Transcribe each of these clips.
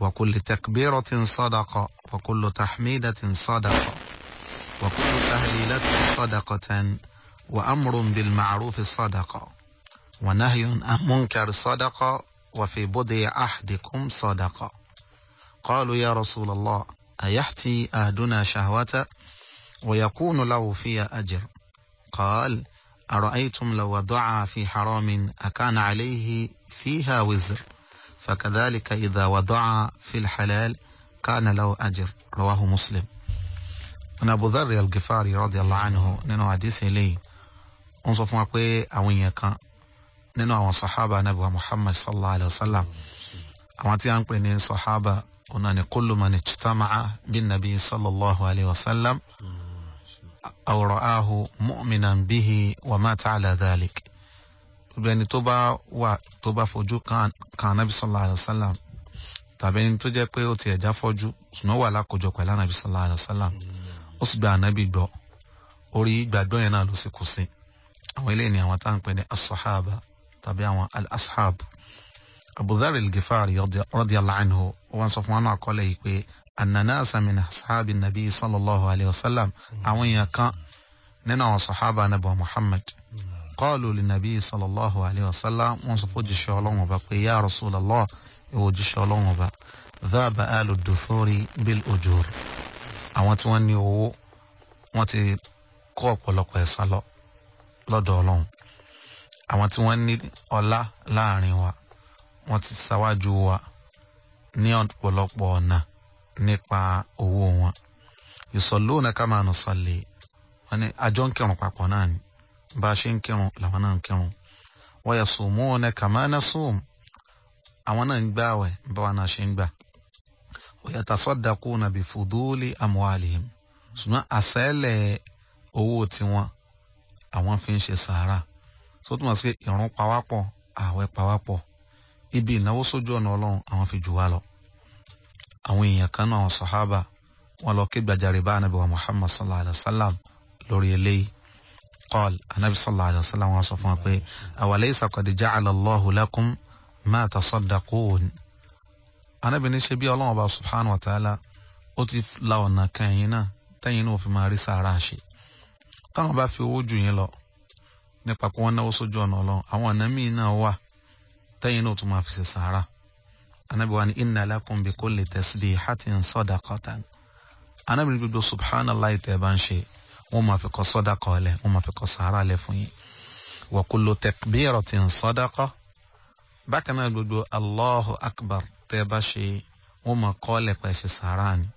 وكل تكبيرة صدقة وكل تحميدة صدقة وكل تهليلة صدقة وأمر بالمعروف صدقة ونهي عن منكر صدقة وفي بضع أحدكم صدقة قالوا يا رسول الله أيحتي أهدنا شهوة ويكون له فيها أجر قال أرأيتم لو وضعها في حرام أكان عليه فيها وزر فكذلك إذا وضع في الحلال كان له أجر رواه مسلم أنا أبو ذر الغفاري رضي الله عنه ننو حديث لي أنصف ما قوي أوين يكا ننو صحابة نبو محمد صلى الله عليه وسلم أماتي قوي نين صحابة أنني كل من اجتمع بالنبي صلى الله عليه وسلم أو رآه مؤمنا به ومات على ذلك gbogbo ẹni tó bá wà tó bá fojú kan anabi sallallahu alaihi wasallam tàbí ẹni tó jẹ́ pé ó ti ẹ̀já fọ́jú ṣùgbọ́n wà lákòjọ pẹ̀lú anabi sallallahu alaihi wasallam ó sì gba anabi gbọ́ orí gbàgbọ́ yẹn náà ló sì kù sí àwọn eléyìí ni àwọn táwọn pè ní asahaba tàbí àwọn al-ashab abudari al-gifari radiyallahu anhu wọn sọ fún wọn náà yìí pé ananasa min ashabi nabi sallallahu alaihi wasallam mm. àwọn èèyàn kan nínú àwọn sahaba anabi muhammad. Mm qalu li nabi sallallahu alayhi wa sallam wọ́n sọ fún òjíṣẹ́ ọlọ́run ọba pé ya rasulallah ìwọ òjíṣẹ́ ọlọ́run ọba zaaba alu dufuri bil ujur àwọn tí wọ́n ní owó wọ́n ti kó ọ̀pọ̀lọpọ̀ ẹ̀san lọ lọ́dọ̀ ọlọ́run àwọn tí wọ́n ní ọlá láàrin wa wọ́n ti ṣáwájú wa ní ọ̀pọ̀lọpọ̀ ọ̀nà nípa owó wọn ìsọ̀lóòna ká máa nù sọ̀lẹ̀ wọn ni àjọ papọ̀ náà ni bá a ṣe ń kírun làwọn náà ń kírun wa yasumuna kama nasum àwọn náà ń gbààwẹ̀ báwa náà ṣe ń gbà wa yatasaddaquna bi fuduli amwalihim ṣùgbọ́n àṣẹ́lẹ̀ owó tiwọn àwọn fi ń ṣe sàárà sótúmọ̀ sí ìrun pawápọ̀ ààwẹ̀ pawápọ̀ ibi ìnáwó sójú ọ̀nà ọlọ́run àwọn fi jù wá lọ àwọn èèyàn kan náà sàhábà wọn lọ kí gbàjarè bá ànábì wa Muhammad sallallahu alaihi wa sallam lórí eléyìí قال النبي صلى الله عليه وسلم وصفه أوليس قد جعل الله لكم ما تصدقون أنا بنشي بي الله سبحانه وتعالى أتف لو أن كاينا تينو في مارسا راشي táwọn bá fi owó jù yín lọ nípa kí wọ́n náwó sójú ọ̀nà ọlọ́run àwọn ọ̀nà míì náà wà tẹ́yìn náà tún máa fi ṣe sàárà anábì wa ni inna lakum bi kulli tasbihatin sadaqatan anábì ní gbogbo subhanallah tẹ́ ẹ bá ń ṣe wọ́n máa fi kọ́ sọ́dákọ̀ ọ̀lẹ̀ wọ́n máa fi kọ́ sàárà lẹ̀ fún yín. wa kullu takbiratin sadaqa bákan náà gbogbo allahu akbar tẹ́ bá ṣe wọ́n máa kọ́ ọ̀lẹ̀ pẹ̀ ṣe sàárà ni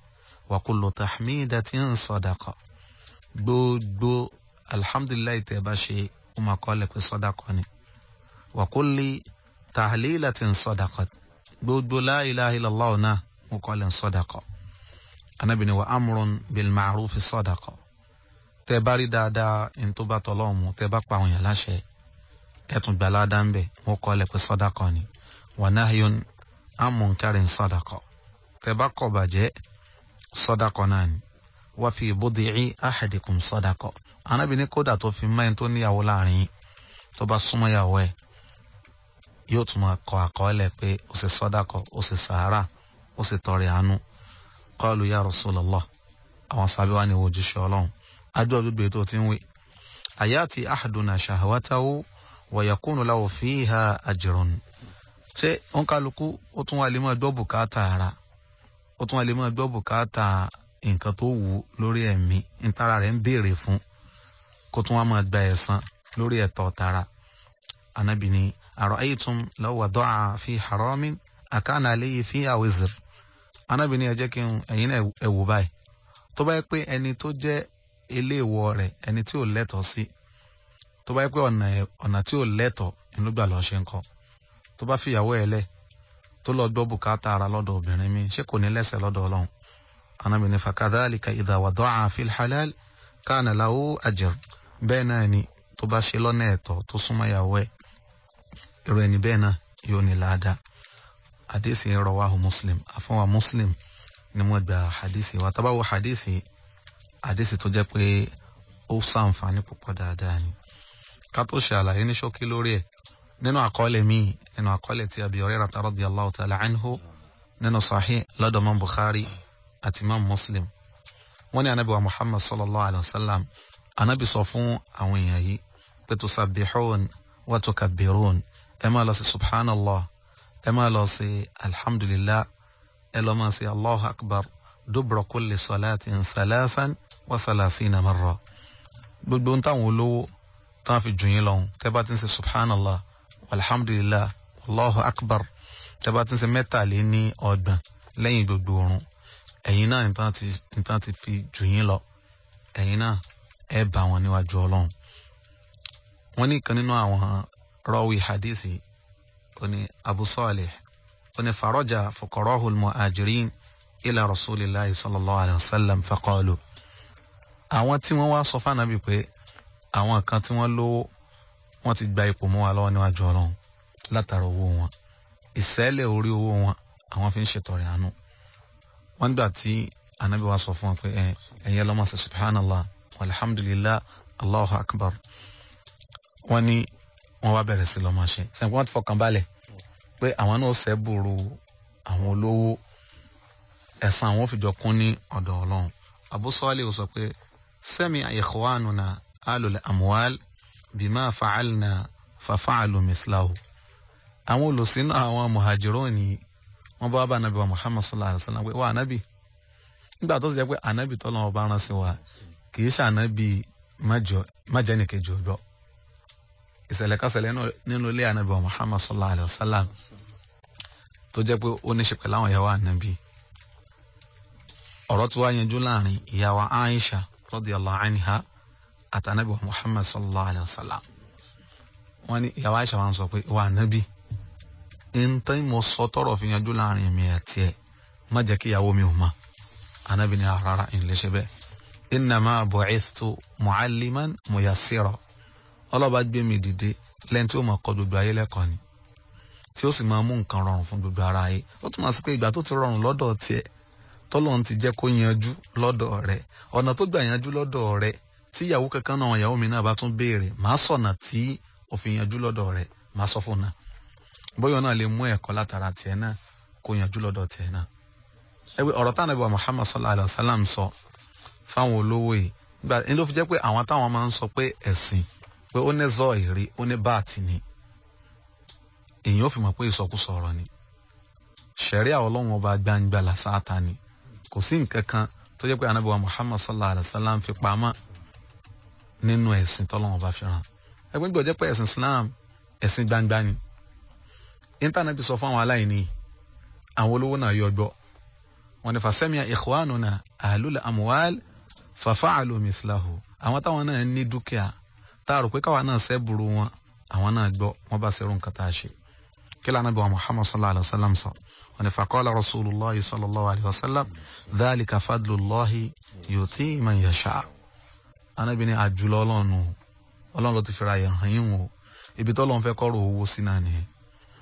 wa kullu tahmidatin sadaqa gbogbo alhamdulilayi tẹ́ bá ṣe wọ́n máa kọ́ ọ̀lẹ̀ pẹ̀ sọ́dákọ̀ ni wa kulli tahlilatin sadaqa gbogbo la ilaha illallah náà wọ́n kọ́ ọ̀lẹ̀ anabini wa amrun bil ma'rufi sadaqa tẹ bá rí dáadáa ní tó bá tọlọ́run mu tẹ bá pa àwọn èèyàn láṣẹ ẹtùn gbàlá dá ń bẹ wọn kọ lẹ pé sọdakọ ni wanahyun amunkarin sọdakọ tẹ bá kọ bàjẹ́ sọdakọ náà ni wà fi budi'i ahadikum sọdakọ anábìíní kódà tó fi mẹ́rin tó níyàwó láàrin tó bá súnmọ́ yàwó ẹ̀ yóò tún máa kọ àkọọ́lẹ̀ pé ó sì sọdakọ ó sì sàárà ó sì tọrẹ àánú qalu ya Rasulullah àwọn sábẹ́ wa ni wojúṣe ọlọ́run àdúrà tó bèrè tó ayati ń wí. àyàtì àhàdùnà ṣàwátàwó wàyàkùnù láwọ fìhà àjẹrọ̀nù. ṣé wọn kálukú ó tún wà lè máa gbọ́ bùkátà ara ó tún wà lè máa gbọ́ bùkátà nǹkan tó wù lórí ẹ̀mí ntara rẹ̀ ń béèrè fún kó tún wà máa gba lórí ẹ̀tọ́ tara. anabi ni lọ́wọ́ fi haramin àkànnà àléyé fi àwìzìr anabi ni ẹ jẹ́ kí ẹ̀yin wò báyìí tó eléèwọ̀ rẹ̀ ẹni tí ò lẹ́tọ̀ọ́ sí tó bá yẹ pé ọ̀nà ọ̀nà tí ò lẹ́tọ̀ọ́ inú gbà lọ́ọ́ ṣe ń kọ́ tó bá fìyàwó ẹ̀ lẹ̀ tó lọ gbọ́ bùkátà ara lọ́dọ̀ obìnrin mi ṣé kò ní lẹ́sẹ̀ lọ́dọ̀ ọlọ́run anabi ní fakadhalika idha wada'a fil halal kana lahu ajr bẹ́ẹ̀ náà ni tó bá ṣe lọ́nà ẹ̀tọ́ tó súnmọ́ ìyàwó ẹ̀ irú ẹni bẹ́ẹ̀ náà yóò ní láàdá hadisi rawahu muslim àfọwà muslim ni mo gba hadisi wa tabawo hadisi àdéhìsì tó jẹ́ pé ó sàǹfààní púpọ̀ dáadáa ni ká tó ṣe àlàyé ní ṣókí lórí ẹ̀ nínú àkọọ́lẹ̀ míì nínú àkọọ́lẹ̀ tí Abi Hurairah radiyallahu ta'ala anhu nínú Sahih lọ́dọ̀ mọ́ Bukhari àti mọ́ Muslim wọ́n ní anabi wa Muhammad sallallahu alayhi wa sallam anabi sọ fún àwọn èèyàn yìí pé tusabbihun wa tukabbirun ẹ máa lọ sí subhanallah ẹ máa lọ sí alhamdulillah ẹ lọ máa sí allahu akbar dubra kulli salatin salasan wa thalathina marra gbogbo ń táwọn olówó tí wọ́n fi jù yín lọ́hùn tẹ́ bá ti ń ṣe subhanallah alhamdulillah allahu akbar tẹ́ bá ti ń ṣe mẹ́tàléní ọgbọ̀n lẹ́yìn gbogbo oorun ẹ̀yin náà nǹkan ti fi jù yín lọ ẹ̀yin náà ẹ bá wọn níwájú ọlọ́run wọ́n ní ìkan nínú àwọn rọ́wì hadithi ó abu salih ó ní faraja fuqarahul muhajirin ila rasulillahi sallallahu alayhi wa sallam faqalu àwọn tí wọ́n wá sọ fànàbì pé àwọn kan tí wọ́n lówó wọ́n ti gba ipò mọ́ wa lọ́wọ́ níwájú ọlọ́run látara owó wọn ìṣẹ́lẹ̀ orí owó wọn àwọn fi ń ṣètọrẹ àánú wọ́n gbà tí ànábì wa sọ fún wọn pé ẹ̀yin lọ́mọ sọ subhanallah alhamdulillah allahu akbar wọ́n ní wọ́n wá bẹ̀rẹ̀ sí lọ́mọ ṣe sẹ́yìn wọ́n ti fọkàn balẹ̀ pé àwọn náà ṣẹ́ bùrù àwọn olówó ẹ̀san àwọn ò kún ní ọ̀dọ̀ ọlọ́run Abu Salih ó sọ pé سمع إخواننا آل الأموال بما فعلنا ففعلوا مثله àwọn olùsìn àwọn muhajirun ni wọn صلى الله عليه وسلم ونبي sallallahu alaihi wa sallam pé wà ànábì nígbà tó ti jẹ pé ànábì tọ́lọ́ ọba rán sí wa kì í ṣànábì májẹnìkejì ọjọ́ ìṣẹ̀lẹ̀ kásẹ̀lẹ̀ nínú ilé ànábì wa muhammad sallallahu alaihi wa sallam tó jẹ́ pé ó ní ṣe pẹ̀lú àwọn ìyàwó ànábì ọ̀rọ̀ tí wàá yanjú láàrin ìyàwó aisha radiyallahu anha àtànàbí wa محمد صلى الله عليه وسلم wọ́n ní ìyàwó àìsàn wa ń sọ pé wà nábì ntẹ́ mo sọ tọrọ fi yanjú láàrin mi àti ẹ̀ má jẹ́ kí ìyàwó mi ò mọ̀ ànábì ní rárá ìlẹ̀ ṣe bẹ́ẹ̀ innama bu'istu mu'alliman muyassira ọlọ́ba gbé mi dìde lẹ́ni tí ó máa kọ́ gbogbo ayé lẹ́kọ̀ọ́ ni tí ó sì máa mú nǹkan rọrùn fún gbogbo ara ayé ó túmọ̀ sí pé ìgbà tó ti rọrùn lọ́dọ̀ tiẹ̀ tọ́lọ́run ti jẹ́ kó yanjú lọ́dọ̀ rẹ̀ ọ̀nà tó gbà yanjú lọ́dọ̀ rẹ̀ tí ìyàwó kankan náà ìyàwó mi náà bá tún béèrè màá sọ̀nà tí òfin yanjú lọ́dọ̀ rẹ̀ màá sọ fún náà bóyá náà lè mú ẹ̀kọ́ látara tiẹ̀ náà kó yanjú lọ́dọ̀ tiẹ̀ náà. ẹgbẹ́ ọ̀rọ̀ táwọn ẹ̀bùn Muhammad sallallahu alayhi wa sallam sọ fáwọn olówó yìí gba ẹni ló fi jẹ́ pé àwọn táwọn máa ń sọ pé ẹ̀sìn pé ó ní zọ ìrí ó ní báàtì ni èyí ó fi mọ̀ pé ìsọkúsọ ọ̀rọ̀ ni ṣẹ̀rí àwọn ọlọ́run ọba gbangba làṣáàtà ni kò sí nǹkan kan tó jẹ́ pé anábìwá muhammad sallallahu alayhi wa sallam fi pamọ́ nínú ẹ̀sìn tọ́lọ́wọ́n bá fi hàn ẹgbẹ́ gbọ́dọ̀ jẹ́ pé ẹ̀sìn islam ẹ̀sìn gbangba ni íńtánẹ́ẹ̀tì sọ fún àwọn aláìní àwọn olówó náà yọ gbọ́ wọn ni fasẹ́miya ikhwanuna ahlul amwal fafa'alu mislahu àwọn táwọn náà ní dúkìá tá a rò pé káwa náà sẹ́bùrú wọn fàkọ́lá rasulillah sallallahu alayhi wa sallam dhalika fadlullahi yuti man yasha anabi ni àjùlọ ọlọ́run ọlọ́run ló ti fira yẹn hàn yín wò ibi tó lọ́n fẹ́ kọ́rọ̀ owó sí náà nìyẹn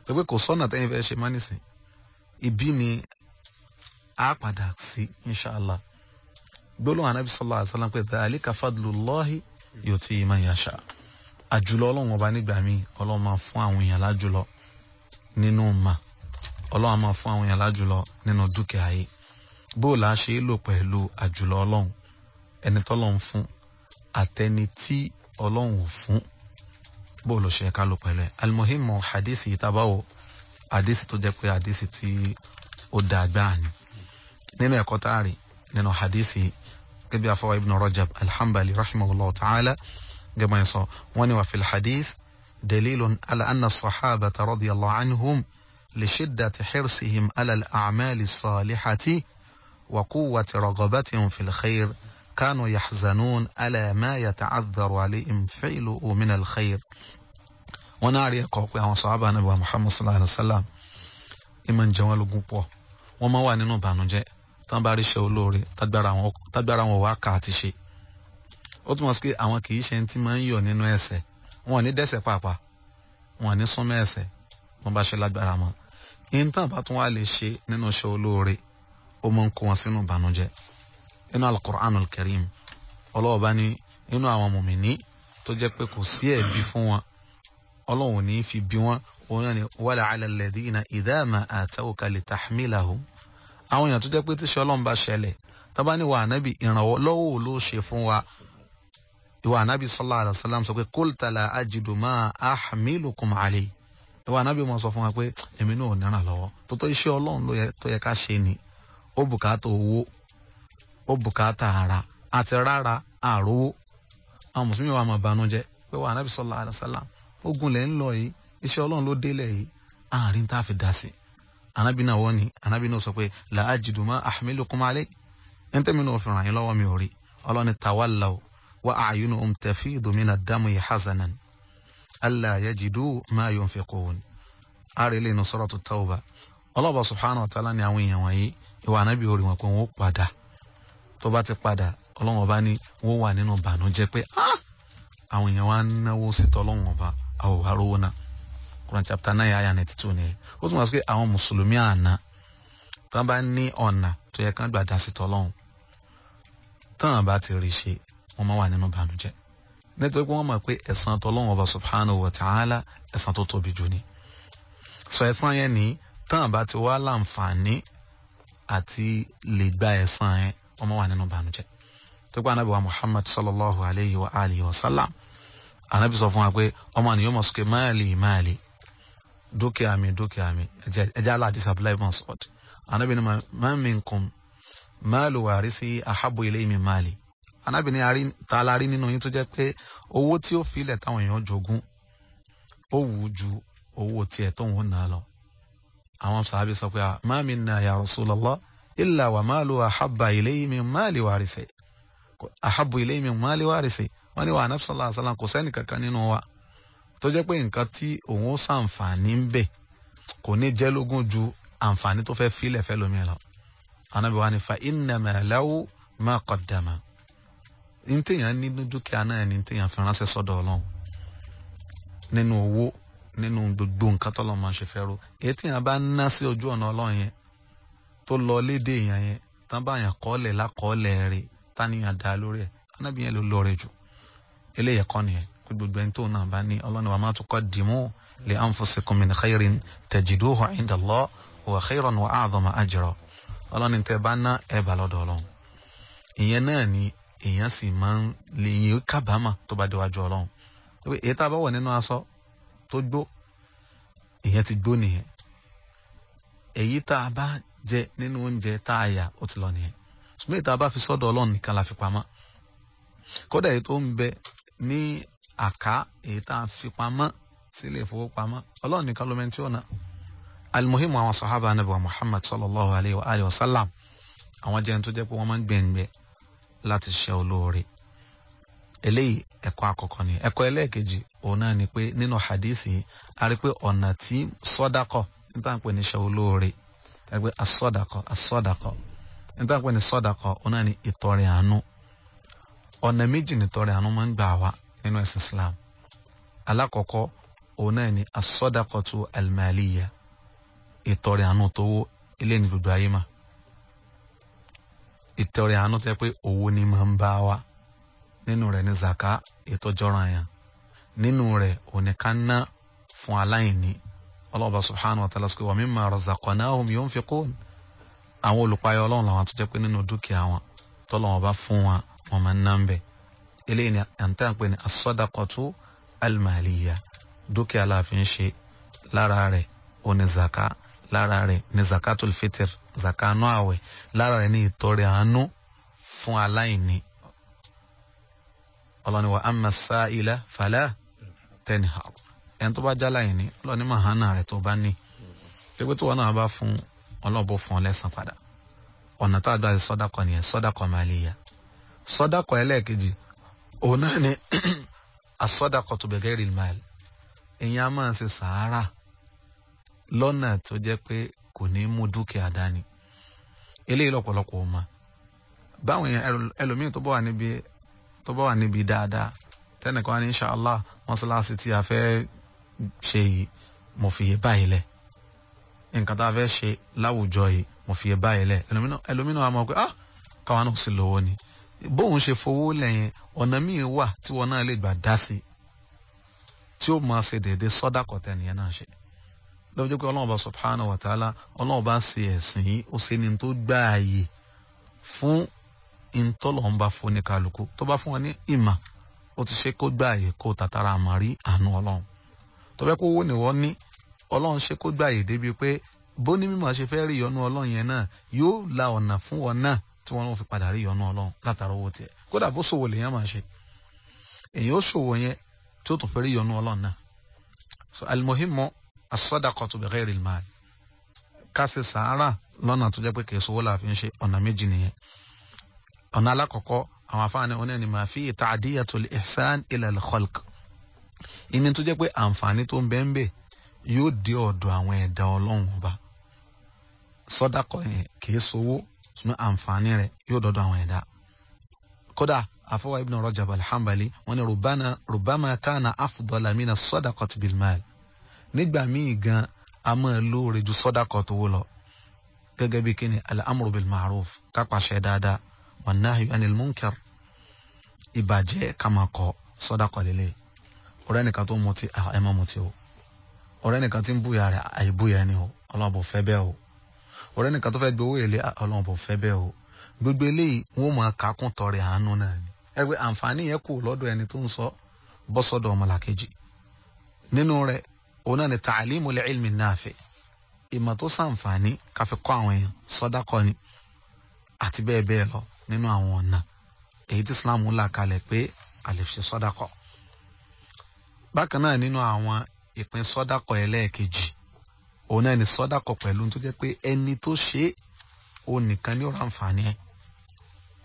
tó pé kò sọ́nà tẹ́yìn fẹ́ ṣe má nìsín ibi ni a padà sí inshàlá gbólóhùn anabi sallallahu alayhi wa sallam pé dhalika fadlullahi yuti man yasha àjùlọ ọlọ́run ọba nígbà míì ọlọ́run máa fún àwọn èèyàn lájùlọ nínú máa ọlọ́run á máa fún àwọn èèyàn lájùlọ nínú dúkìá yìí bó o là á ṣe é lò pẹ̀lú àjùlọ ọlọ́run ẹni tọ́lọ́run fún àtẹni tí ọlọ́run ò fún bó o lọ ṣe ká lò pẹ̀lú ẹ̀ alimohimu hadisi yìí tábàwò hadisi tó jẹ́ pé hadisi tí ó dáa gbáà ni nínú ẹ̀kọ́ táàrí nínú hadisi gẹ́gẹ́ afọwọ́ ibn rajab alhambali rahimahullah ta'ala gẹ́gẹ́ bá yẹn sọ wọ́n ni wà fil hadith dalilun ala anna sahaba radiyallahu anhum. لشدة حرصهم على الأعمال الصالحة وقوة رغبتهم في الخير كانوا يحزنون على ما يتعذر عليهم فعله من الخير ونعري قوقيا وصعبا نبوى محمد صلى الله عليه وسلم إمن جوال قوقوا وما وانينو بانو جاء تنباري شولوري تدبرا وواقع تشي أتمسكي أما كيش انتما يوني نويسي واني دسي بابا واني سي مباشي لدبرا مان yín tá a bá tún wá lè ṣe nínú iṣẹ́ olóore ó máa ń kó wọn sínú ìbànújẹ́ nínú alukur'anul karim ọlọ́wọ́ bá ní nínú àwọn mùmíní tó jẹ́ pé kò sí ẹ̀bi fún wọn ọlọ́wọ́ ní fi bí wọn wọn náà ní wàlẹ̀ alẹ́lẹ́dí iná ìdáàmà àtẹ́wòká lè tàhmílàhù àwọn èèyàn tó jẹ́ pé tíṣẹ́ ọlọ́run bá ṣẹlẹ̀ tọ́ba ní wà ánábì ìrànwọ́ lọ́wọ́ ló ṣe fún wa ìwà ànábì sallallahu alaihi sọ pé kólítàlà ajidu máa ahmilukum alayhi ìwà anábì mọ̀ sọ fún wa pé èmi náà ò náírà lọ́wọ́ tótó iṣẹ́ ọlọ́run ló yẹ tó yẹ ká ṣe ni ó bùkátà owó ó bùkátà ara àti rárá àrówó àwọn mùsùlùmí wa máa banújẹ́ pé wà anábì sọlá àdàsálà ogun lẹ̀ ń lọ yìí iṣẹ́ ọlọ́run ló délẹ̀ yìí àárín tá a fi dá sí anábì náà wọ́n ni anábì náà sọ pé làájìdùmá ahmilukum alẹ́ ẹ̀ńtẹ́mi náà fi ràn yín lọ́wọ́ mi ò rí ọlọ́ni tawalla wa a'yunuhum tafidu mina ad-dami hazanan ألا يجدوا ما ينفقون ari lẹ́nu Suratu Tawbah ọlọ́ba subhanahu wa ta'ala ni àwọn èèyàn wọ̀nyí anabi anábì orí wọn pé padà tó bá ti padà ọlọ́wọ́n ni wa ń náwó síta ọlọ́wọ́n ọba àwọn òwà rówó náà Quran chapter nine ayah na two nìyẹn ó tún wá sí pé àwọn mùsùlùmí àná tán bá ní ọ̀nà tó yẹ kán gbàdá nítorí pé wọ́n mọ̀ pé ẹ̀san tọ́lọ́wọ́n ọba subhanahu wa ta'ala ẹ̀san tó tóbi jù ni. sọ ẹ̀san yẹn ní tán bá ti wá láǹfààní àti lè gba ẹ̀san yẹn ọmọ wà nínú ìbànújẹ́. tó gbà anábìwá muhammad sallallahu alayhi wa alihi wa sallam anábì sọ fún wa pé ọmọ nìyó mọ̀ sókè máàlì máàlì dúkìá mi dúkìá mi ẹjẹ́ aláàdí sàbílà ibn sọ́ọ̀tì anábì ní ma minkum máàlù wàrí sí ahabbu ilayhi min máàlì anábìnrin tààlà rí nínú yín tó jẹ́ pé owó tí ó filẹ̀ táwọn èèyàn jogún ó wù ú ju owó tiẹ̀ tó ń wò náà lọ. àwọn sàábì sọ pé ma minna ya Rasulullah illa wa malu ahabba ilayhi min mali warisi ahabbu ilayhi min mali warisi wọ́n ní wa nafsala asalam kò sẹ́ni kankan nínú wa tó jẹ́ pé nǹkan tí òun ó ń bẹ̀ kò ní jẹ́ lógún ju àǹfààní tó fẹ́ filẹ̀ fẹ́ lómi lọ. anábìwá ni fa innama lahu ma qaddama ní téèyàn nínú dúkìá náà ni téèyàn fi ránṣẹ́ sọ́dọ̀ ọlọ́run nínú owó nínú gbogbo nǹkan tó lọ́ọ́ máa ṣe fẹ́ ro èyí téèyàn bá ná sí ojú ọ̀nà ọlọ́run yẹn tó lọ léde èèyàn yẹn tán bá yàn kọ́ọ̀lẹ̀ lákọ́ọ̀lẹ̀ rẹ̀ táníyàn dá lórí ẹ̀ anábì yẹn ló lọ rẹ̀ jù eléyẹ̀ kọ́ nìyẹn kó gbogbo ẹni tó náà bá ní ọlọ́run wa ma tuqaddimu li anfusikum min khairin tajiduhu inda Allah huwa khairan wa a'zama ajra ọlọ́run tẹ bá ọlọ́run ìyẹn èèyàn sì máa ń lè yín kábàámà tó bá déwájú ọlọ́run èyí tá a bá wọ̀ nínú aṣọ tó gbó èèyàn ti gbó nìyẹn èyí tá a bá jẹ nínú oúnjẹ tá a yà ó ti lọ nìyẹn ṣùgbọ́n èyí tá a bá fi sọ́dọ̀ ọlọ́run nìkan la fi pamọ́ kódà èyí tó ń bẹ ní àká èyí tá a fi pamọ́ sílé ìfowópamọ́ ọlọ́run nìkan ló mẹ́ntí ọ̀nà alimuhimu àwọn sahaba anabi wa muhammad sallallahu alayhi wa sallam àwọn jẹun tó jẹ́ pé wọ́n máa ń gbẹ̀ngbẹ̀ láti ṣe olóore eléyìí ẹkọ akọkọ ni ẹkọ ẹlẹ́ẹ̀kejì òun náà ni pé nínú hadithi yìí a rí pé ọ̀nà tí sọ́dakọ̀ níta ń ní ṣe olóore ẹgbẹ́ asọ́dakọ̀ asọ́dakọ̀ níta ń ní sọ́dakọ̀ òun náà ni àánú ọ̀nà méjì àánú máa ń gbà wá nínú Islam alákọ̀ọ́kọ́ òun náà ni asọ́dakọ̀ ìtọrẹ àánú tẹ pé owó ni máa ń bá wa nínú rẹ̀ ní zaka ìtọ́jọ́ra yẹn nínú rẹ̀ òní ká ná fún aláìní ọlọ́ọ̀bá subhanahu wa ta'ala sọ pé wa mimma razaqnahum yunfiqun àwọn olùpayọ ọlọ́run làwọn tó jẹ́ pé nínú dúkìá wọn tọ́lọ́wọ́n bá fún wọn wọn máa ń ná ń bẹ̀ eléyìí ni à ń tẹ́ à ń pè ní as-sadaqatu al-maliyya dúkìá la fi ń ṣe lára rẹ̀ òní zaka lára rẹ̀ ní zakatul fitr zakanu àwẹ̀ lára rẹ̀ ní ìtọrẹ àánú fún aláìní ọlọ́ni wa amma sa'ila fala tanhar ẹni tó bá já láìní ọlọ́ni mahana rẹ̀ tó bá ní pépé tó wọn náà bá fún ọlọ́ọ̀bọ̀ fún ọ lẹ́sàn padà ọ̀nà tá a dá sọ́dàkọ̀ nìyẹn sọ́dàkọ̀ màlíyà sọ́dàkọ̀ ẹlẹ́ẹ̀kejì òun náà ni asọ́dàkọ̀ tó bẹ̀gẹ́ rìl máìlì ìyẹn a máa ṣe sàárà lọ́nà tó jẹ́ pé kò ní mú dúkìá dání eléyìí lọ́pọ̀lọpọ̀ ọmọ báwọn yẹn ẹlòmíín tó bá wà níbi tó bá wà níbi dáadáa tẹnìkan wà ní inṣàlá mọ́ṣáláṣí tí a fẹ́ ṣe yìí mo fi yé báyìí lẹ̀ nǹkan tá a fẹ́ ṣe láwùjọ yìí mo fi yé báyìí lẹ̀ ẹlòmíín wà mọ̀ pé ah káwọn náà sì lówó ni bóun ṣe fowó lẹ́yìn ọ̀nà míì wà tí wọn náà lè gbà dá sí tí ó máa ṣe déédéé sọ́dà kọ̀tẹ́ nìyẹn náà ṣe lọ́wọ́ jẹ́ pé ọlọ́run ọba subhanahu wa ta'ala ọlọ́run ọba ṣe ẹ̀sìn yìí ó ṣe ni tó gbá ààyè fún ìtọ́lọ́run bá fún ní kálukú tó bá fún wọn ní ìmà ó ti ṣe kó gbá ààyè kó tàtàrà àmàrí àánú ọlọ́run tó bẹ́ẹ̀ kó wó ni wọ́n ní ọlọ́run ṣe kó gbá ààyè débi pé bó ní mímọ̀ ṣe fẹ́ rí ìyọnu ọlọ́run yẹn náà yóò la ọ̀nà fún wọn náà tí wọn fi padà rí ìyọnu ọlọ́run látara owó tiẹ̀ kódà bó asọ́dàkọ̀ tó bẹ̀rẹ̀ rìn máa ká ṣe sàárà lọ́nà tó jẹ́ pé kìí sówó láàfin ṣe ọ̀nà méjì nìyẹn ọ̀nà alákọ̀ọ́kọ́ àwọn afáàní oníyanì máa fi ta'diyatul ihsan ila al-khalq ìní tó jẹ́ pé àǹfààní tó ń bẹ ń bẹ yóò dé ọ̀dọ̀ àwọn ẹ̀dá ọlọ́run ọba sọ́dàkọ̀ yẹn kìí sówó ṣùgbọ́n àǹfààní rẹ̀ yóò dọ̀dọ̀ àwọn ẹ̀dá kódà àfọwọ́ ibn Rajab al-Hanbali wọ́n rubama kana afdala mina sadaqati bil mal nígbà míì gan a máa lóore ju sọ́dákọ̀ tó wó lọ gẹ́gẹ́ bí kíni al-amru bil ma'ruf kápàṣẹ dáadáa wan nahyu anil munkar ìbàjẹ́ kàmàkọ́ sọ́dákọ̀ lélẹ̀ ọ̀rẹ́ nìkan tó mutí ẹ má mutí o ọ̀rẹ́ nìkan tí ń búya rẹ̀ àìbúya ni o ọlọ́run bò fẹ́ bẹ́ẹ̀ o ọ̀rẹ́ nìkan tó fẹ́ gbowó èlé ọlọ́run bò fẹ́ bẹ́ẹ̀ o gbogbo eléyìí wọn máa ni ẹ pé àǹfààní yẹn òun náà ni ta'alimu li ilmi nafi ìmọ̀ tó sàǹfààní káfí kọ́ àwọn èèyàn sọ́dákọ́ ni àti bẹ́ẹ̀ bẹ́ẹ̀ lọ nínú àwọn ọ̀nà èyí tí Islam là kalẹ̀ pé a lè ṣe sọ́dákọ́. bákan náà nínú àwọn ìpín sọ́dákọ́ ẹlẹ́ẹ̀kejì òun náà ni sọ́dákọ́ pẹ̀lú tó jẹ́ pé ẹni tó ṣe é òun nìkan ni ó ra àǹfààní ẹ̀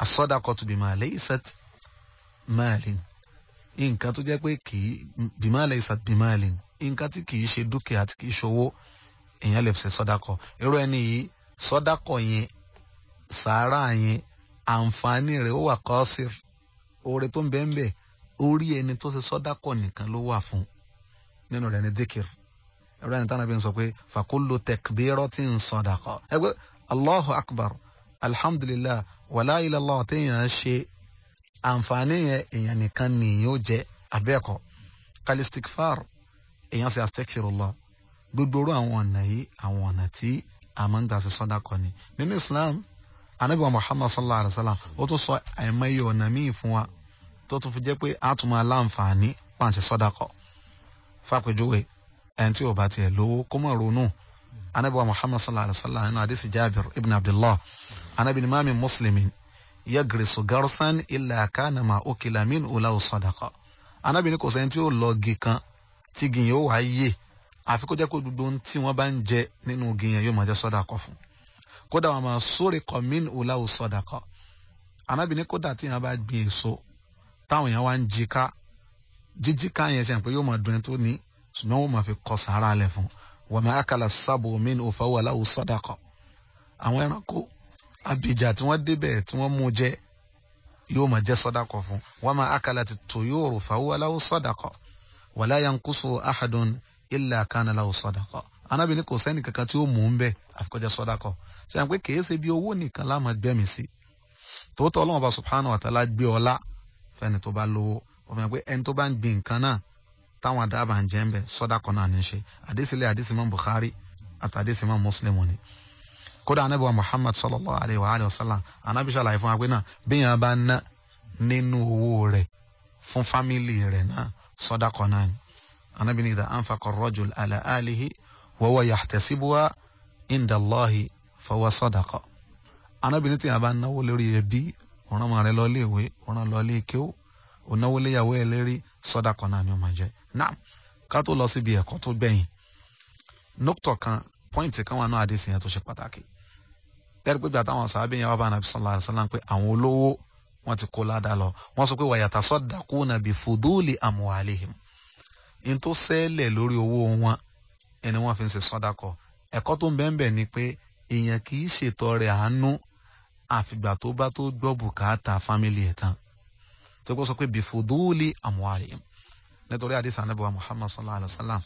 asọ́dákọ́ tó bima laysat malin nǹkan tó jẹ́ pé kì í bima laysat bimalin nǹkan tí kì í ṣe dúkìá tí kì í ṣòwò èèyàn lè ṣe sọdakọ irú ẹni yìí sọdakọ yẹn sàárà yẹn àǹfààní rẹ̀ ó wà kọ́sìr oore tó ń bẹ́ẹ̀ ń bẹ̀ orí ẹni tó ṣe sọdakọ nìkan ló wà fún nínú rẹ̀ ní díkìr irú ẹni tánà bí n sọ pé fàkúlù tẹkbírọ tí ń sọdakọ ẹgbẹ allahu akbar alhamdulilah wàlá ilàlá téèyàn ṣe àǹfààní yẹn èèyàn nìkan nìyẹn ó jẹ abẹ́ẹ̀kọ́ kalistikfar èèyàn ṣe astaghfirullah gbogbo orú àwọn ọ̀nà yìí àwọn ọ̀nà tí a máa ń gbà ni nínú Islam anabi Muhammad sallallahu alayhi wa sallam ó tún sọ àìmọye ọ̀nà míì fún wa tó tún fi jẹ́ pé a tún máa láǹfààní pàǹsì sàdákà fàpèjúwe ẹni tí ò bá tiẹ̀ lówó kó mọ̀ ronú anabi Muhammad sallallahu alayhi wa sallam nínú adisi Jabir ibn Abdullah anabi ni maami muslimin yagirisu garsan illa nama ma okila min ulawu sàdákà anabi ni kò sẹ́ni tí ó lọ gi kan tí igi yẹn ó wá yè àfi kó jẹ́ pé gbogbo ohun tí wọ́n bá ń jẹ nínú igi yẹn yóò máa jẹ́ sọ́dà kọ fún kódà wọn máa sóre kọ mín òlà ò sọ́dà kọ anábìíní kódà tí yẹn bá gbin èso táwọn yẹn wá ń jí ká jíjí ká yẹn ṣe pé yóò máa dùn tó ní ṣùgbọ́n wọ́n máa fi kọ sàárà lẹ̀ fún wọ́n máa kàlà sábò mín òfà wà láwù sọ́dà kọ àwọn ẹranko abìjà tí wọ́n débẹ̀ tí wọ́n mú jẹ yóò máa jẹ́ sọ́dà kọ fún wọ́n máa kàlà tó yóò rò fà wà láwù sọ́dà kọ wàlá yankusu ahadun illa kana lahu sadaqa anábì ní kò sẹ́ni kankan tí ó mú un bẹ́ẹ̀ àfikọ́jẹ́ sadaqa ṣe àwọn pé kìí ṣe bí owó nìkan láàmú gbẹ̀mí sí tòótọ́ ọlọ́run bá subhanahu wa ta'ala gbé ọlá fẹ́ni tó bá lówó ọmọ yẹn ẹni tó bá ń gbin nǹkan náà táwọn adáàbà ń jẹ́ ń bẹ̀ sadaqa náà ní í ṣe àdésílẹ̀ àdésímọ̀ Bukhari àtàdésímọ̀ Muslim ni kódà anabi wa muhammad sallallahu alayhi wa alayhi wa sallam anabi ṣàlàyé fún wa pé náà bí yẹn bá ná nínú owó rẹ̀ fún fámìlì rẹ̀ náà sọ́dàkọ̀ náà ni anábìíní ìdá ànfàkọ̀ rọ́jò àlà àlìhí wọ́wọ́ yàtẹ̀síbúwá ìndàlọ́hì fọwọ́ sọ́dàkọ̀ anábìíní tí a bá náwó lórí ẹbí ọ̀ràn ọmọ rẹ lọ lé ìwé ọ̀ràn lọ lé kéw ònáwó léyàwó ẹ lérí sọ́dàkọ̀ náà ni ó máa jẹ náà ká tó lọ síbi ẹ̀kọ́ tó gbẹ̀yìn nọ́kítọ̀ kan pọ́ìntì kan wà náà àdéhùn yẹn tó ṣe pàtàkì tẹ́rì pé gbàtà àwọn sàábìyàn wà bá nàbì sallallahu alaihi wasallam pé àwọn olówó wọ́n ti kó ládàá lọ wọ́n sọ pé wàyàtà sọ́dà kó na bí fudúlì àmúhalihim ní tó sẹ́lẹ̀ lórí owó wọn ẹni wọ́n fi ń ṣe sọ́dàkọ̀ ẹ̀kọ́ tó ń bẹ́ẹ̀ ni pé èèyàn kì í ṣètọrẹ àánú àfìgbà tó bá tó gbọ́ bùkátà fámìlì ẹ̀ tán tó gbọ́ sọ pé bí fudúlì nítorí àdìsí anábìwá Muhammad sallallahu alayhi wa sallam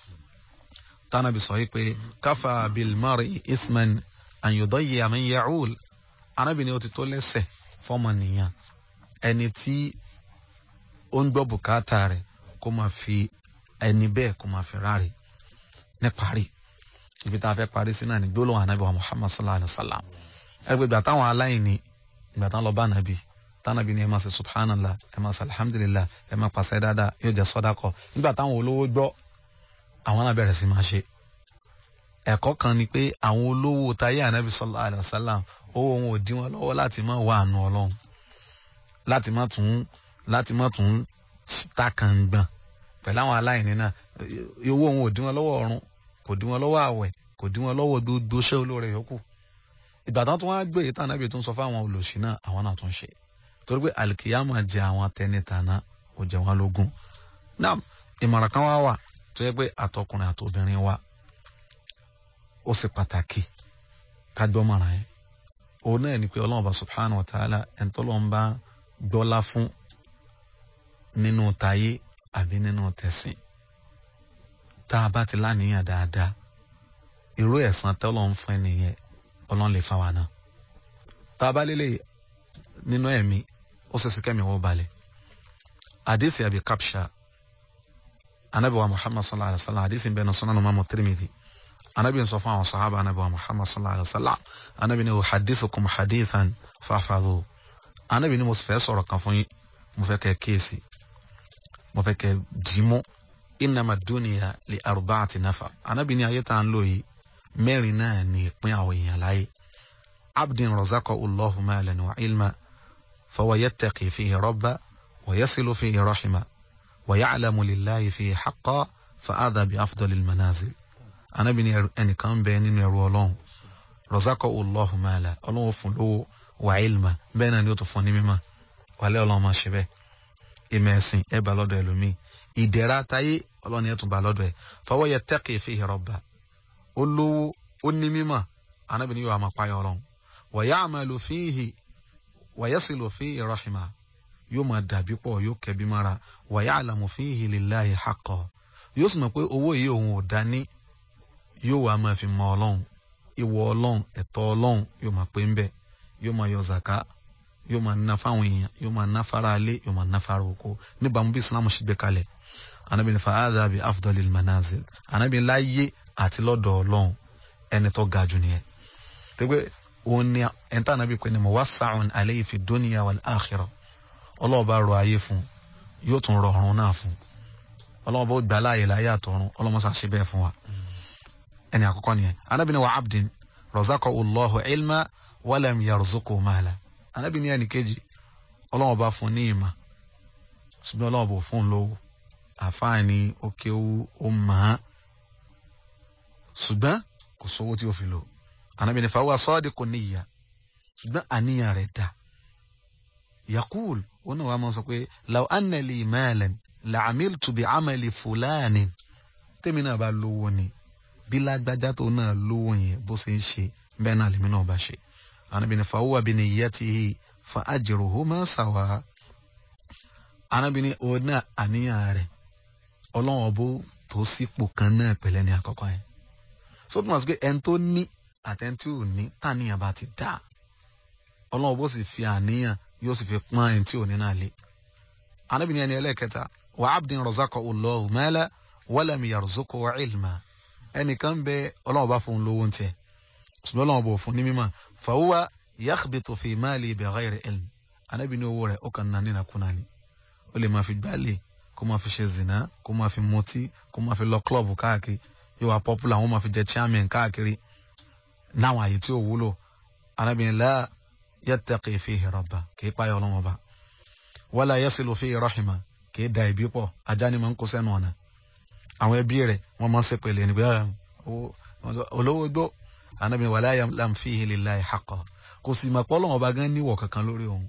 tánàbì sọ yìí pé káfà bilmari isman àyùdọ́yẹ àmì yaul anábì ni ó ti tó lẹ́sẹ̀ fọ́mọ nìyàn ẹni tí ó ń gbọ́ bùkátà rẹ̀ kó máa fi ẹni bẹ́ẹ̀ kó máa fi ráre níparí ibi tá a fẹ́ parí sí náà ní gbólóhùn ànábì wa muhammad sallallahu alayhi wa sallam ẹgbẹ́ ìgbà táwọn aláìní ìgbà táwọn lọ bá ànábì tánàbí ni ẹ máa ṣe subhanallah ẹ máa ṣe alhamdulillah ẹ máa pàṣẹ dáadáa yóò jẹ sọdákọ nígbà táwọn olówó gbọ́ àwọn náà bẹ̀rẹ̀ sí máa ṣe ẹ̀kọ́ kan ni pé àwọn olówó táyé ànábì sallallahu alayhi wa sallam owó wọn ò dí wọn lọ́wọ́ láti máa wá àánú ọlọ́run láti má tún láti má tún ta kàngbọ̀n pẹ̀lú àwọn aláìní náà owó wọn ò dín wọn lọ́wọ́ ọ̀run kò dín wọn lọ́wọ́ àwẹ̀ kò dín wọn lọ́wọ́ gbogbo iṣẹ́ olóore yòókù ìgbà tán tó wá gbé èyí tàn nábì tó ń sọ fáwọn olòṣì náà àwọn náà tún ṣe torí pé àlìkìyàmà jẹ àwọn atẹnitànà kò jẹ wọn lógún náà ìmọ̀ràn kan wá wà tó yẹ pé àtọkùnrin àtobìnrin wa ó sì pàtàkì ká mọ̀ràn yẹn òun náà ni pé ọlọ́run bá subhanahu wa ta'ala ẹ̀ńtọ́ lọ́n gbọ́lá fún nínú tayé àbí nínú tẹ̀sìn tá a bá ti láníyàn dáadáa irú ẹ̀san tọ́lọ́run fún ẹnìyẹn ọlọ́run lè fáwa náà tá a bá lélẹ̀ nínú ẹ̀mí ó ṣẹ̀ṣẹ̀ kẹ́mi wọ́n balẹ̀ àdìsí àbí kapsha anabiwa muhammad sallallahu alaihi wa sallam àdìsí bẹ́ẹ̀ náà sunan mamu tirimidi anabi sọ fún àwọn sahaba anabiwa muhammad sallallahu alaihi wa sallam anabi ni o hadithukum hadithan fàfàlú. ana bi ni mo fẹ́ sọ̀rọ̀ kan fún yín mo fẹ́ kẹ́ kíyèsí mo fẹ́ kẹ́ jimo ìnàmà dúnìyà lè àrùbá àti náfà bi ni ayé tá à ń lò yìí mẹ́rin náà ní ìpín àwọn èèyàn láyé abdin razaka allahu maalan wa ilma fawa yattaqi fihi rabba wa yasilu fihi rahima wa ya'lamu lillahi fihi haqqa fa adha bi afdalil ana bi ni ẹnìkan bẹ nínú ẹrú ọlọ́run razaka allahu maalan ọlọ́run fún lówó. wà ilma bẹ́ẹ̀ náà ni ó tún fún ní mímọ̀ wàlẹ́ ọlọ́run máa ṣe bẹ́ẹ̀ ìmọ̀ ẹ̀sìn ẹ bá lọ́dọ̀ ẹlòmíì ìdẹ̀ra táyé ọlọ́run ẹ tún bá lọ́dọ̀ ẹ fọwọ́ yẹ tẹ́kì fi ìrọ̀bà ó lówó ó ní mímọ̀ anábìíní yóò máa payọ̀ ọlọ́run wọ̀yá àmàlò fíhì wọ̀yá sì lò fíhì rọ́ṣìmà yóò máa dàbí pọ̀ yóò kẹ́bí mára wọ̀yá àlàmù fíhì lillahi yóò sì mọ̀ pé owó yìí òun ò dání yóò wá máa fi mọ ọlọ́run ìwọ ọlọ́run ẹ̀tọ́ ọlọ́run yóò máa pé ń bẹ́ẹ̀ yóò máa yọ zaka yóò máa ná fáwọn èèyàn yóò máa ná fara alé yóò máa ná fara oko níbàámu bí islam ṣe gbé kalẹ̀ anabi ní fàáza bi afdalil manazil anabi láyé àti lọ́dọ̀ ọlọ́run ẹni tó ga jù nìyẹn tẹgbẹ́ òun ni ẹni tí anabi pè ní muwassa'un alayhi fi dunya wal akhirah ọlọ́ọ̀bá rọ ayé fún yóò tún rọ ọ̀run náà fún ọlọ́ọ̀bá ó gbà láàyè láyé àtọ̀run ọlọ́mọṣà ṣe bẹ́ẹ̀ fún wa ẹni àkọ́kọ́ nìyẹn anabi ní wa abdin razaqahu Allahu ilma walam yarzuqu mala anabi ní ẹnìkejì ọlọ́wọ́n bá fún ní ìmọ̀ ṣùgbọ́n ọlọ́wọ́n bò fún lówó àfáàní òkè ó máa ṣùgbọ́n kò sówó tí ó fi lò anabi ní fàwọn asọ́ọ́dẹ kò ní ìyá ṣùgbọ́n àníyàn rẹ̀ dà yakul ó náà máa sọ pé law anna li malan la amiltu bi tèmi náà bá lówó ni bí lágbájá tó náà lówó yẹn bó ṣe ń ṣe bẹ́ẹ̀ náà lèmi náà bá ṣe anabi ni fahuwa bi niyyatihi fa ajruhuma sawa anabi ni o náà àníyàn rẹ̀ ọlọ́wọ́n bó tó sípò kan náà pẹ̀lẹ́ ní àkọ́kọ́ yẹn so tó máa sọ pé ẹni tó ní àtẹni tí ò ní tàníyàn bá ti dá ọlọ́wọ́n bó sì fi àníyàn yóò sì fi pọ́n ẹni tí ò ní náà lé anabi ni ẹni ẹlẹ́kẹta wa abdin razaqahu Allahu mala walam yarzuqhu ilma ẹnìkan bẹ ọlọ́wọ́n bá fún un lówó ń tẹ ṣùgbọ́n ọlọ́wọ́n bò fún ní mímọ́ fàwùwà yakhbitu fi mali bighayri ilm anábì ní owó rẹ̀ ó kàn nání nàkúnà ni ó lè máa fi gbálẹ̀ kó máa fi ṣe zina kó máa fi mutí kó máa fi lọ klọ́ọ̀bù káàkiri yóò wá popular wọn máa fi jẹ chairman káàkiri náwọn àyè tí ò wúlò anábì ní la yattaqi fihi rabba kì í payọ ọlọ́wọ́n ba wala yasilu fihi rahima kì da ìbí pọ̀ ajá ni máa ń kó sẹ́nu ọ̀nà àwọn ẹbí rẹ̀ wọ́n máa ń ṣèpèlè ah, olówó gbó anabi wàlá yam fihi lillahi haqqa kò sì mọ̀ pọ́ lọ́wọ́ ọba gan níwọ̀ kankan lórí òun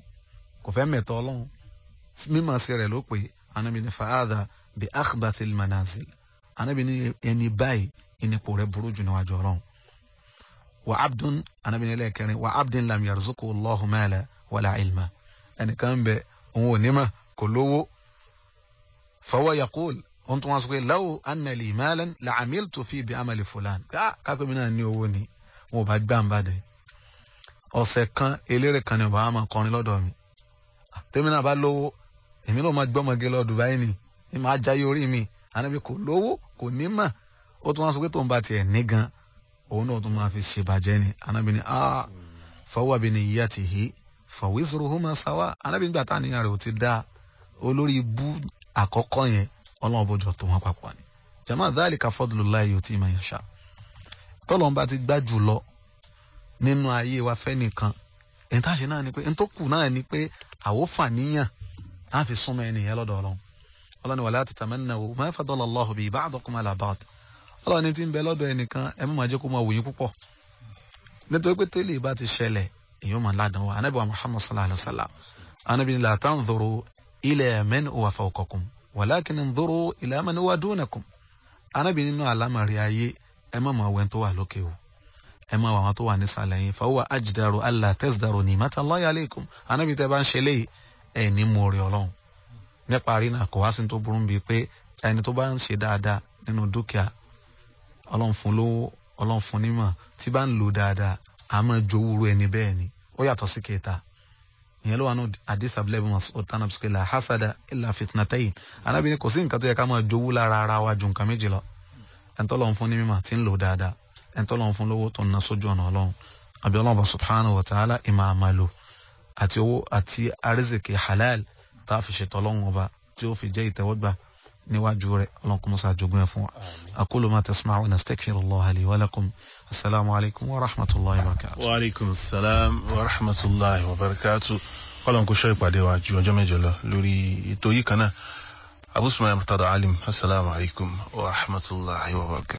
kò fẹ́ mẹ̀tọ́ ọlọ́run mímọ̀ sí rẹ̀ ló pé anabi ní fàáza bi akhbasil manazil anabi ní ẹni báyìí ìnipò rẹ̀ burú jù níwájú ọlọ́run wa abdun anabi ní ẹlẹ́kẹrin wa abdun lam yarzuqu allahu mala wala ilma ẹnìkan bẹ òun ò ní mà kò lówó fawa yaqul ohun tó wọn sọ pé law anna li malan la amiltu fi bi amali fulan ah, ká kápẹ́ náà ní owó ni wọn ò bá gbà ń bàdàn ọ̀sẹ̀ kan eléré kan ni ọba àmọ́ kọrin lọ́dọ̀ mi tèmi náà bá lówó èmi náà máa gbọ́mọge lọ Dubai ni ni màá jayé orí mi ànábi kò lówó kò ní mà ó tún wá sọ pé tóun bá tiẹ̀ ní gan òun náà tún máa fi ṣèbàjẹ́ ni ànábi ni ah fọwọ́ bi ni ìyá ti hì fọwọ́ ìṣòro homa sáwà ànábi nígbà tá àníyàn rẹ̀ ò ti dáa olórí ibú àkọ́kọ́ yẹn ọlọ́run bójú ọ̀tún wọn papọ̀ ni jama zaalika fadlullahi yuti man yasha tọ́lọ́n bá ti gbá jù lọ nínú ayé wa fẹ́ nìkan ẹni tá a ṣe náà ni pé ẹni tó kù náà ni pé àwòfàníyàn á fi súnmọ́ ẹnìyẹn lọ́dọ̀ ọlọ́run ọlọ́ni wala tatamannaw ma faddala Allahu bi ba'dakum ala ba'd ọlọ́ni tí ń bẹ lọ́dọ̀ ẹnìkan ẹ má máa jẹ́ kó máa wòye púpọ̀ nítorí pé tẹ́lẹ̀ bá ti ṣẹlẹ̀ èèyàn máa ládàn wa anábìwá Muhammad sallallahu alayhi wa sallam anábì ẹ má mọ àwọn ẹni tó wà lókè o ẹ má wọ àwọn tó wà nísàlẹ̀ yín fàwọn àjìdàrú allah tẹsídàrú ní matallahi aleikum anábì tẹ bá ń ṣe léyìí ẹ ní mú orí ọlọ́run nípa rí náà kò wá sí tó burú bíi pé ẹni tó bá ń ṣe dáadáa nínú dúkìá ọlọ́run fún lówó ọlọ́run fún nímọ̀ tí bá ń lò dáadáa àmọ́ jowúru ẹni bẹ́ẹ̀ ni ó yàtọ̀ sí kẹta ìyẹn ló wà nù àdìsá bílẹ̀bù ọ̀tánà bisikì la hasada ìlà fitnatayin anábìíní kò sí nǹkan tó yẹ ká máa jowú lára ara wa ju nǹkan méjì lọ ẹni tọ́lọ́run fún ní mímọ̀ tí ń lò dáadáa ẹni tọ́lọ́run fún lówó tó ń ná sójú ọ̀nà ọlọ́run àbí ọlọ́run bá subhanahu wa ta'ala ìmọ̀ àmàlò àti owó àti arizikì halal tá a fi ṣètò ọlọ́run ọba tí ó fi jẹ́ ìtẹ́wọ́gbà níwájú rẹ̀ ọlọ́run kò mú sáà jogún ẹ̀ fún wa. aqulu ma tasma'una astaghfirullaha li wa lakum asalaamu alaykum wa rahmatulahi wa barakatu. wa aleykum salaam wa rahmatulahi wa barakatu. kọ́lọ́n أبو اسماعيل مرتضى عالم السلام عليكم ورحمة الله وبركاته